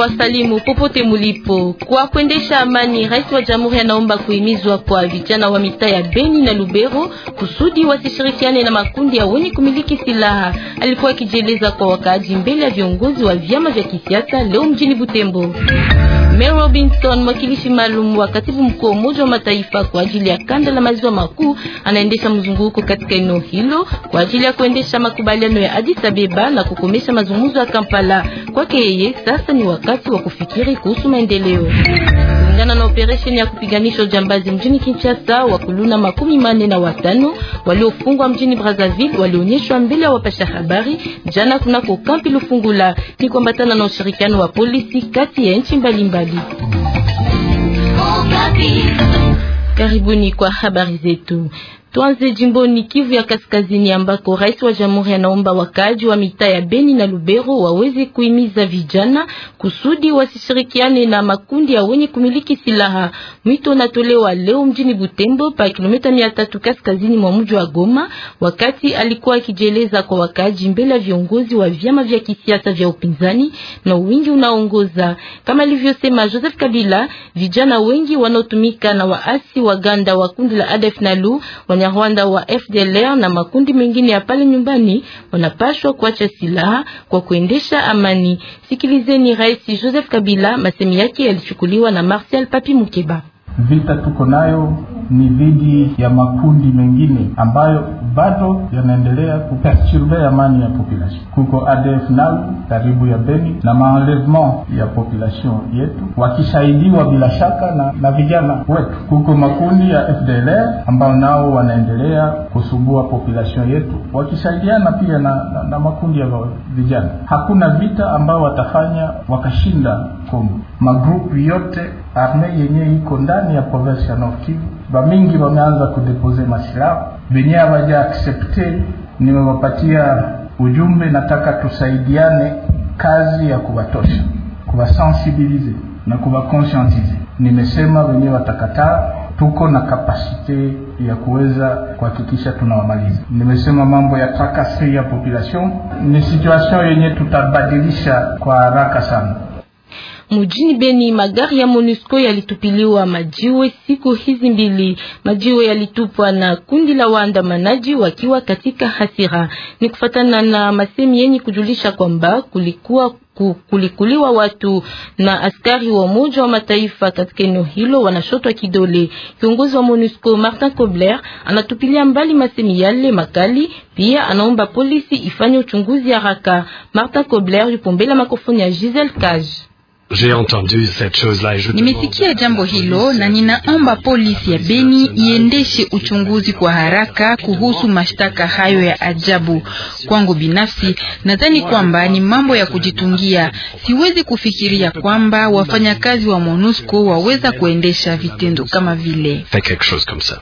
wasalimu popote mulipo. Kwa kuendesha amani, rais wa jamhuri anaomba kuhimizwa kwa vijana wa mitaa ya Beni na Lubero kusudi wasishirikiane na makundi ya wenye kumiliki silaha. Alikuwa akijieleza kwa wakaaji mbele ya viongozi wa vyama vya kisiasa leo mjini Butembo. Mel Robinson, mwakilishi maalum wa katibu mkuu wa Umoja wa Mataifa kwa ajili ya kanda la maziwa makuu, anaendesha mzunguko katika eneo hilo kwa ajili ya kuendesha makubaliano ya Addis Abeba na kukomesha mazungumzo ya Kampala. Kwake yeye sasa ni wakati wa kufikiri kuhusu maendeleo kulingana na operesheni ya kupiganisha ujambazi mjini Kinshasa. Wakuluna makumi mane na watano waliofungwa mjini Brazzaville walionyeshwa mbele ya wapasha habari jana kunako kampi Lufungula, ni kuambatana na ushirikiano wa polisi kati ya nchi mbalimbali. Oh, Karibuni kwa habari zetu. Tuanze jimboni Kivu ya Kaskazini ambako rais wa jamhuri anaomba wakaaji wa mitaa ya Beni na Lubero waweze kuhimiza vijana kusudi wasishirikiane na makundi ya wenye kumiliki silaha. Mwito unatolewa leo mjini Butembo pa kilomita tatu kaskazini mwa mji wa Goma, wakati alikuwa akijieleza kwa wakaaji mbele ya viongozi wa vyama vya kisiasa vya upinzani na wingi unaongoza. Kama alivyosema Joseph Kabila, vijana wengi wanaotumika na waasi wa Ganda wa kundi la ADF-NALU na lu Wanyarwanda wa FDLR na makundi mengine ya pale nyumbani wanapashwa kuacha silaha kwa kuendesha amani. Sikilizeni Rais Joseph Kabila, masemi yake yalichukuliwa na Marcel Papi Mukeba. Vita tuko nayo ni dhidi ya makundi mengine ambayo bado yanaendelea kuperturbe amani ya population. Kuko ADF nau karibu ya Beni na maenlevement ya population yetu, wakisaidiwa bila shaka na, na vijana wetu. Kuko makundi ya FDLR ambao nao wanaendelea kusumbua population yetu, wakisaidiana pia na, na, na makundi ya vijana. Hakuna vita ambao watafanya wakashinda Kongo. Magrupu yote arme yenye iko ndani ya provensi ya Nord Kivu, bamingi wameanza kudepose mashirao venye hawaja aksepte. Nimewapatia ujumbe, nataka tusaidiane kazi ya kubatosha, kubasensibilize na kubakonsientize. Nimesema wenye watakataa, tuko na kapasite ya kuweza kuhakikisha tunawamaliza. Nimesema mambo ya trakasi ya population ni situation yenye tutabadilisha kwa haraka sana. Mujini Beni, magari ya MONUSCO yalitupiliwa majiwe siku hizi mbili. Majiwe yalitupwa na kundi la waandamanaji wakiwa katika hasira. Ni kufatana na masemi yenye kujulisha kwamba kulikuwa kulikuliwa watu na askari wa Umoja wa Mataifa katika eneo hilo wanashotwa kidole. Kiongozi wa MONUSCO Martin Kobler anatupilia mbali masemi yale makali, pia anaomba polisi ifanye uchunguzi haraka. Martin Kobler yupombela makofoni ya Giselle Cage. Nimesikia jambo hilo na ninaomba polisi ya Beni iendeshe uchunguzi kwa haraka kuhusu mashtaka hayo ya ajabu. Kwangu binafsi, nadhani kwamba ni mambo ya kujitungia. Siwezi kufikiria kwamba wafanyakazi wa MONUSCO waweza kuendesha vitendo kama vile.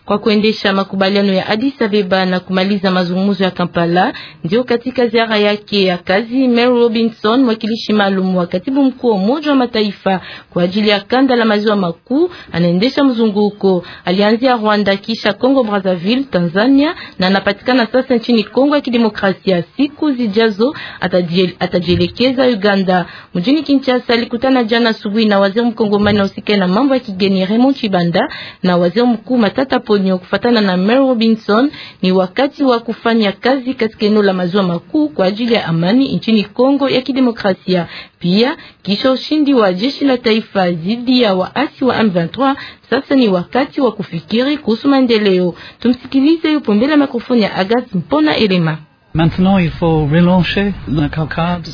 Kwa kuendesha makubaliano ya Addis Abeba na kumaliza mazungumzo ya Kampala, ndio katika ziara yake ya kazi Mary Robinson, mwakilishi maalum wa katibu mkuu wa Umoja Mataifa kwa ajili ya kanda la maziwa makuu anaendesha mzunguko. Alianzia Rwanda kisha Kongo Brazzaville, Tanzania na anapatikana sasa nchini Kongo ya Kidemokrasia. Siku zijazo atajielekeza Uganda. Mjini Kinshasa alikutana jana asubuhi na waziri mkongomani usikae na mambo ya kigeni Raymond Chibanda na waziri mkuu Matata Ponyo. Kufatana na Mary Robinson, ni wakati wa kufanya kazi katika eneo la maziwa makuu kwa ajili ya amani nchini Kongo ya Kidemokrasia. Pia kisha ushindi wa jeshi la taifa dhidi ya waasi wa M23, sasa ni wakati wa kufikiri kuhusu maendeleo. Tumsikilize yupo mbele ya mikrofoni ya Agathe Mpona Elema.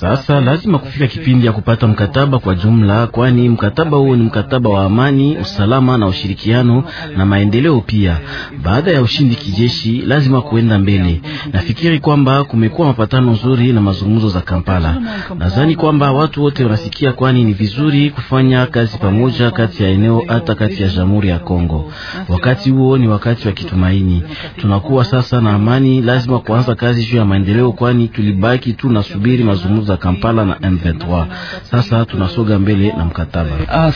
Sasa lazima kufika kipindi ya kupata mkataba kwa jumla, kwani mkataba huo ni mkataba wa amani, usalama na ushirikiano na maendeleo pia. Baada ya ushindi kijeshi, lazima kuenda mbele. Nafikiri kwamba kumekuwa mapatano nzuri na mazungumzo za Kampala. Nadhani kwamba watu wote wanasikia, kwani ni vizuri kufanya kazi pamoja kati ya eneo hata kati ya Jamhuri ya Kongo. Wakati huo ni wakati wa kitumaini, tunakuwa sasa na amani. Lazima kuanza kazi juu ya maendeleo, kwani tulibaki tu subiri mazungumzo ya Kampala na M23. Sasa tunasoga mbele na mkataba. Ah,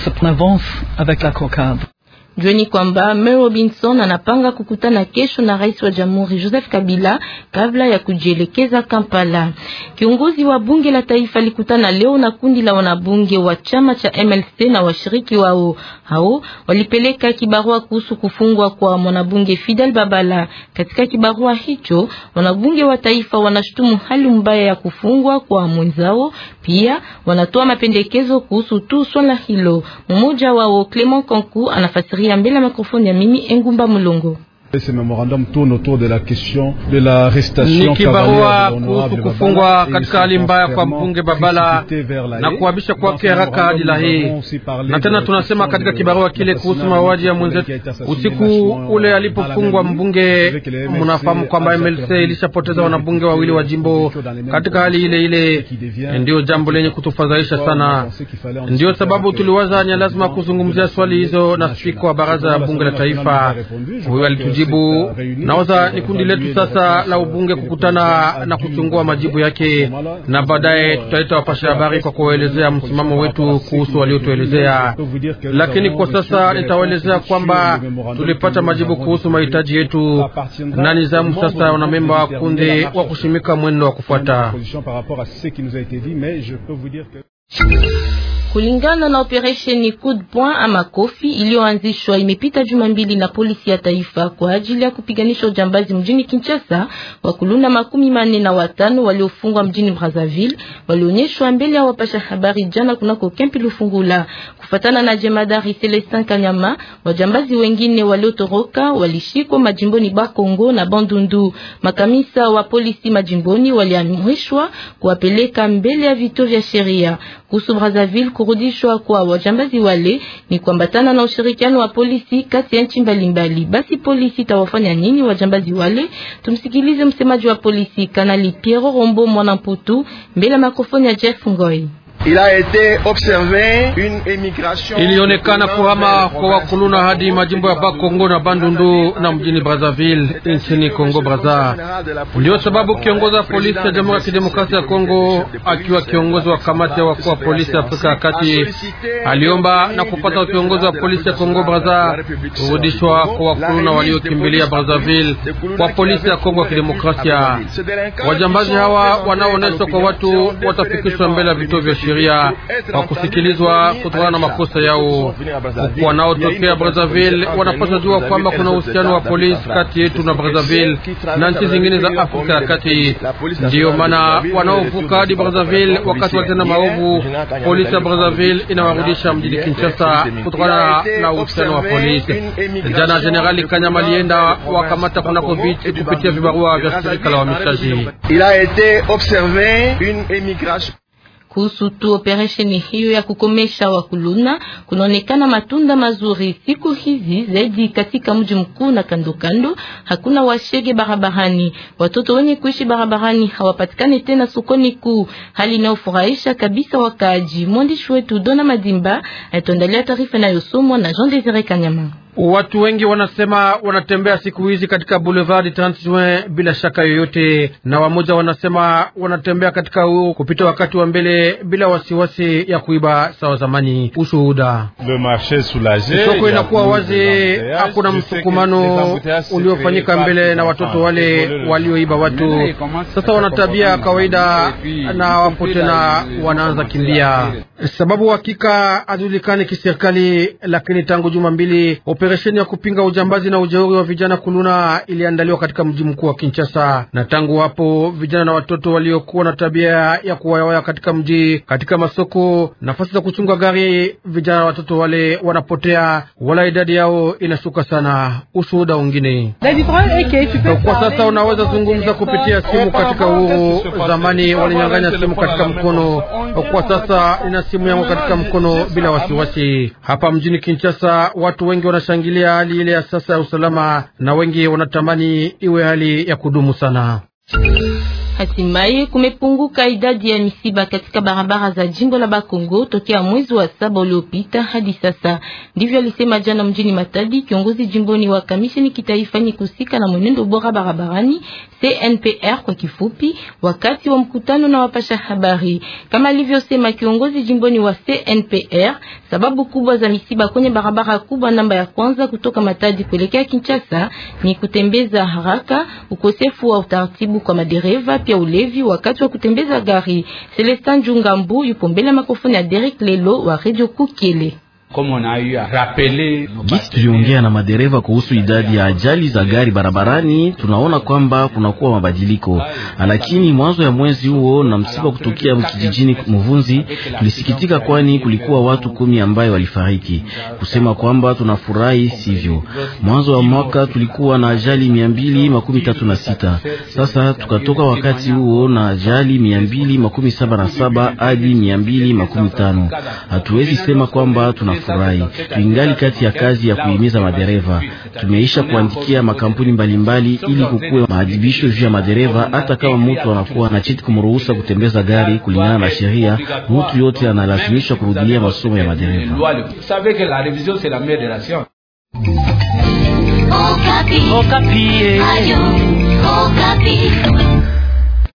Jueni kwamba Mel Robinson anapanga kukutana kesho na rais wa jamhuri Joseph Kabila kabla ya kujielekeza Kampala. Kiongozi wa bunge la taifa alikutana leo na kundi la wanabunge wa chama cha MLC na washiriki wao. Hao walipeleka kibarua kuhusu kufungwa kwa mwanabunge Fidel Babala. Katika kibarua hicho, wanabunge wa taifa wanashutumu hali mbaya ya kufungwa kwa mwenzao pia wanatoa mapendekezo kuhusu tu swala hilo. Mmoja wao Clement Kanku anafasiria mbele ya mikrofoni ya mimi Engumba Mulongo. Ni kibarua kuhusu kufungwa katika hali mbaya kwa mbunge Babala na kuhabisha kwake haraka hadi Lahe. Na tena tunasema katika kibarua kile kuhusu mauaji ya mwenzetu usiku ule alipofungwa mbunge, munafahamu kwamba MLC ilishapoteza wanabunge wawili wa jimbo katika hali ile ile. Eh, ndiyo jambo lenye kutufadhaisha sana, ndiyo sababu tuliwaza ni lazima kuzungumzia swali hizo na spika wa baraza ya bunge la taifa. Huyo majibu. Nawaza ni kundi letu sasa la ubunge kukutana na kuchungua majibu yake, na baadaye tutaleta wapasha habari kwa kuwaelezea msimamo wetu kuhusu waliotuelezea. Lakini kwa sasa nitawaelezea kwamba tulipata majibu kuhusu mahitaji yetu na nizamu sasa wanamemba wa kundi wa kushimika mwendo wa kufuata. Kulingana na operesheni de Poing ama Kofi iliyoanzishwa imepita juma mbili na polisi ya taifa kwa ajili ya kupiganisha ujambazi mjini Kinshasa, wa kuluna makumi manne na watano waliofungwa mjini Brazzaville walionyeshwa mbele ya wapasha habari jana kunako kempi Lufungula. Kufatana na jemadari Celestin Kanyama, wajambazi wengine waliotoroka walishikwa majimboni Bakongo na Bandundu. Makamisa wa polisi majimboni waliamrishwa kuwapeleka mbele ya vituo vya sheria. Kuhusu Brazzaville kurudishwa kwa wajambazi wale ni kuambatana na ushirikiano wa polisi kati ya nchi mbalimbali. Basi polisi tawafanya nini wajambazi wale? Tumsikilize msemaji wa polisi Kanali Piero Rombo Mwanamputu mbele ya mikrofoni ya Jeff Ngoi. Ilionekana kuhama kwa wakuluna hadi majimbo ya Bakongo na Bandundu na mjini Brazzaville nchini Kongo braza ndio sababu kiongozi wa polisi ya Jamhuri ya Kidemokrasia ya Kongo akiwa kiongozi wa kamati ya wakuu wa polisi ya Afrika ya Kati aliomba na kupata kiongozi wa polisi ya Kongo braza kurudishwa kwa wakuluna waliokimbilia Brazzaville kwa polisi ya Kongo ya Kidemokrasia. Wajambazi hawa wanaooneshwa kwa watu watafikishwa mbele ya vituo vya sheria hawakusikilizwa kutokana na makosa yao. Wanaotokea Brazzaville wanapaswa jua kwamba kuna uhusiano wa polisi kati yetu na Brazzaville na nchi zingine za Afrika ya Kati. Ndiyo maana wanaovuka hadi Brazzaville wakati wakitenda maovu, polisi ya Brazzaville inawarudisha mjini Kinshasa kutokana na uhusiano wa polisi. Jana Generali Kanyama alienda wakamata kunako viti kupitia vibarua vya shirika la wahamishaji. Kuhusu tu operesheni hiyo ya kukomesha wakuluna, kunaonekana matunda mazuri siku hizi zaidi katika mji mkuu na kando kando. Hakuna washege barabarani, watoto wenye kuishi barabarani hawapatikani tena sokoni kuu, hali inayofurahisha kabisa wakaaji. Mwandishi wetu Dona Madimba atuandalia taarifa inayosomwa na Jean Desire Kanyama. Watu wengi wanasema wanatembea siku hizi katika Boulevard Trente Juin bila shaka yoyote, na wamoja wanasema wanatembea katika huo kupita wakati wa mbele bila wasiwasi ya kuiba sawa zamani. Ushuhuda, soko inakuwa wazi, hakuna msukumano uliofanyika mbele na watoto wale walioiba watu. Sasa wanatabia kawaida na wapo tena wanaanza kimbia sababu hakika hazijulikani kiserikali, lakini tangu juma mbili operesheni ya kupinga ujambazi na ujeuri wa vijana kuluna iliandaliwa katika mji mkuu wa Kinshasa, na tangu hapo vijana na watoto waliokuwa na tabia ya kuwayawaya katika mji, katika masoko, nafasi za kuchunga gari, vijana na watoto wale wanapotea, wala idadi yao inashuka sana. Ushuhuda wengine kwa sasa unaweza zungumza kupitia simu katika uhuru, zamani walinyang'anya simu katika mkono. Kwa sasa ina simu yangu katika mkono bila wasiwasi. Hapa mjini Kinshasa, watu wengi wanashangilia hali ile ya sasa ya usalama, na wengi wanatamani iwe hali ya kudumu sana. Hatimaye kumepunguka idadi ya misiba katika barabara za jimbo la Bakongo tokea mwezi wa saba uliopita hadi sasa. Ndivyo alisema jana mjini Matadi kiongozi jimboni wa kamisheni kitaifa ni kusika na mwenendo bora barabarani CNPR kwa kifupi, wakati wa mkutano na wapasha habari. Kama alivyosema kiongozi jimboni wa CNPR, sababu kubwa za misiba kwenye barabara kubwa namba ya kwanza kutoka Matadi kuelekea Kinshasa ni kutembeza haraka, ukosefu wa utaratibu kwa madereva ya ulevi wakati wa kutembeza gari. Celestin Jungambu yupo mbele ya makofoni ya Derek Lelo wa Radio Kukele. Gisi tuliongea na madereva kuhusu idadi ya ajali za gari barabarani, tunaona kwamba kunakuwa mabadiliko, lakini mwanzo ya mwezi huo na msiba kutokea kijijini Muvunzi tulisikitika, kwani kulikuwa watu kumi ambayo walifariki. Kusema kwamba tunafurahi sivyo. Mwanzo wa mwaka tulikuwa na ajali mia mbili makumi tatu na sita sasa tukatoka wakati huo na ajali mia mbili makumi saba na saba hadi mia mbili makumi tano Hatuwezi sema kwamba tuna tunafurahi, tuingali kati ya kazi ya kuhimiza madereva. Tumeisha kuandikia makampuni mbalimbali ili kukuwe maadhibisho juu ya madereva. Hata kama mtu anakuwa na cheti kumruhusa kutembeza gari kulingana na sheria, mtu yote analazimishwa kurudilia masomo ya madereva. Okapi. Oh, Okapi. Oh, eh.